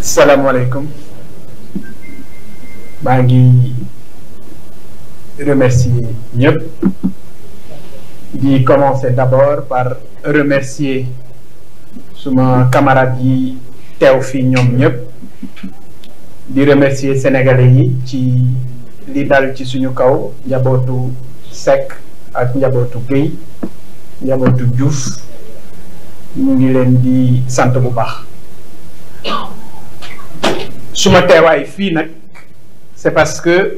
Salam alaikum Je remercier je vais commencer d'abord par remercier mon camarades yi teew Je ñoom les remercier sénégalais qui, ci li dal ci suñu kaw sec, ak suma teewaay fii nag c'est parce que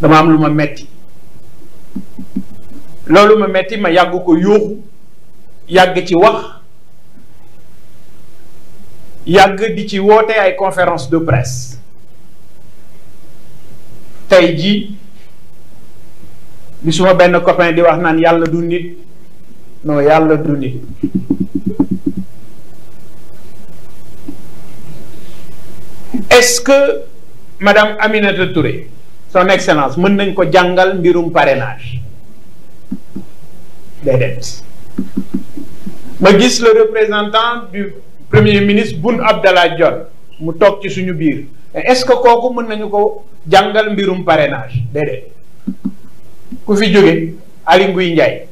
dama am lu ma metti loolu ma metti ma yàgg ko yóoxu yàgg ci wax yàgg di ci woote ay conférence de presse tey ji li suma ben copain di wax naan yàlla du nit non yàlla du est-ce que madame Aminata Touré son excellence mën nañ ko jàngal mbirum parrainage déedéet ma gis le représentant du premier ministre Boun Abdallah Dionne mu toog ci suñu biir est-ce que kooku mën nañu ko jàngal mbirum parrainage déedéet ku fi jóge Aly Ngouille Ndiaye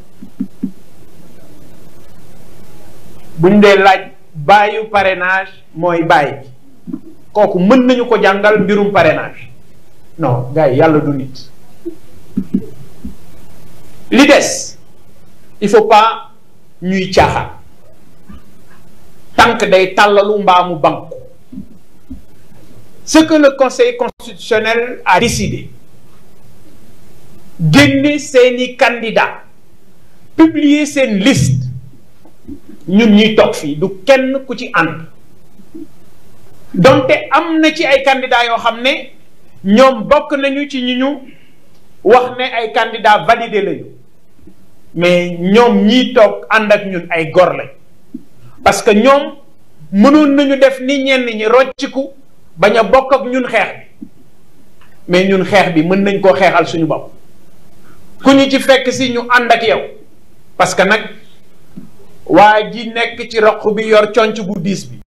buñ dee laaj baayu parrainage mooy baay koku mën nañu ko jangal mbirum parrainage non gay yalla du nit li dess il faut pas ñuy tiaxa tank day talalu mbaamu banku ce que le conseil constitutionnel a décidé genné seni candidat publier sen liste ñun ñi tok fi du kenn ku ci and donte am na ci ay candidats yoo xam ne ñoom bokk nañu ci ñu ñu wax ne ay candidats validés lañu mais ñoom ñiy toog ànd ak ñun ay gor lañ parce que ñoom mënoon nañu def ni ñenn ñi rocciku bañ a bokk ak ñun xeex bi mais ñun xeex bi mën nañ koo xeexal suñu bopp ku ñu ci fekk si ñu ànd ak yow parce que nag waa ji nekk ci roq bi yor conc bu diis bi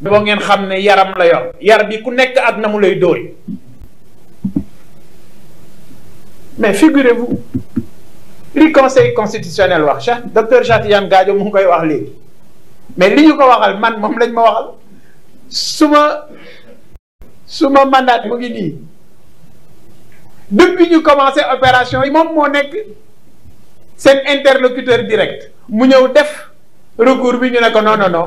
mais figurez-vous le conseil constitutionnel le docteur chatian Gadio je mais ce ko waxal man mandat depuis que depuis commencé opération il cet interlocuteur direct mu ñëw def recours bi ñu non non non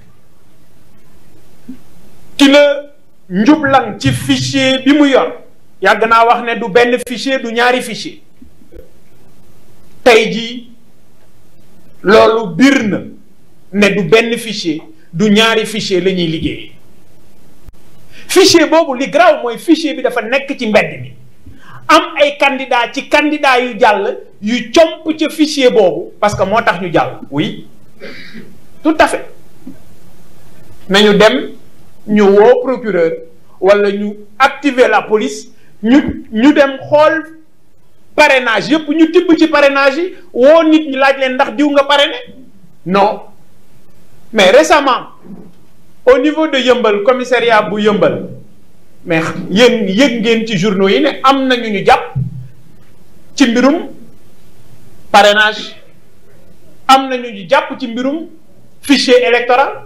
ci la njublan ci fichier bi mu yor yàgg naa wax ne du benn fichier du ñaari fichier tey jii loolu biir na ne du benn fichier du ñaari fichier lañuy ñuy liggéeyee fichier boobu li garaaw mooy fichier bi dafa nekk ci mbedd mi am ay candidat ci candidat yu jàll yu comp ca fichier boobu parce que moo tax ñu jàll oui tout nañu dem ñu woo procureur wala nous activer la police ñu ñu dem xool Nous, yëpp ñu tibb ci parrainage yi woo nit ñi laaj leen ndax diw nga non mais récemment au niveau de le commissariat bu Yëmbal mais il y ngeen ci journaux yi ne am na ñu ñu jàpp ci mbirum parrainage am na ñu ñu jàpp ci mbirum fichier électoral.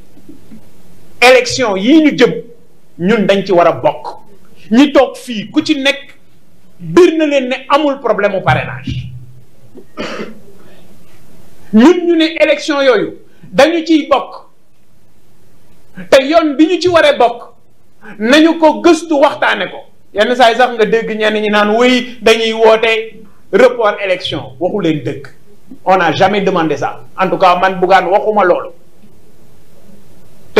élection yi ñu jëm ñun dañ ci wara bok ñi tok fi ku ci nek leen ne amul problème au parrainage ñun ñu ne élection yoyu dañu ci bok té yoon bi ñu ci vous bok nañu ko gëstu ko yenn say sax nga dégg ñi naan dañuy report élection waxu on n'a jamais demandé ça en tout cas man Bougane waxuma loolu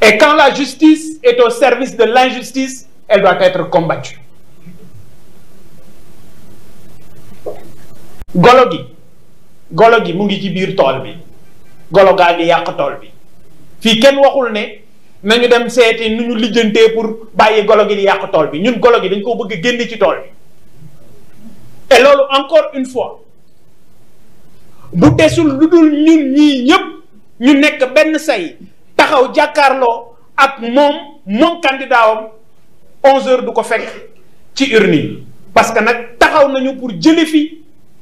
Et quand la justice est au service de l'injustice, elle doit être combattue. Gologi, gologi mungiki gi mu ngi ci biir tool bi golo gaa ngi yàq bi ne nañu dem pour baye Gologi Yak di yàq tool bi ñun golo dañ et loolu encore une fois bu desul lu dul ñun ñii ñëpp ñu nekk say taxaw jàkkaarloo ak moom moom candidat wam 11 du ko fekk ci urne yi parce que nag taxaw nañu pour jëlee fi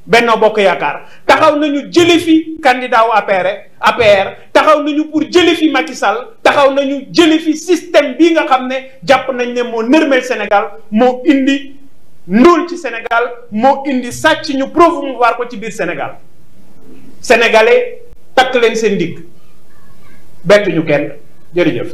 Benno Bokk Yaakaar taxaw nañu jëlee fi candidat wu APR APR taxaw nañu pour jëlee fi Macky Sall taxaw nañu jëlee fi système bii nga xam ne jàpp nañ ne moo nërmeel Sénégal moo indi ndóol ci Sénégal moo indi sàcc ñu promouvoir ko ci biir Sénégal sénégalais takk leen seen digg. bettuñu kenn jërëjëf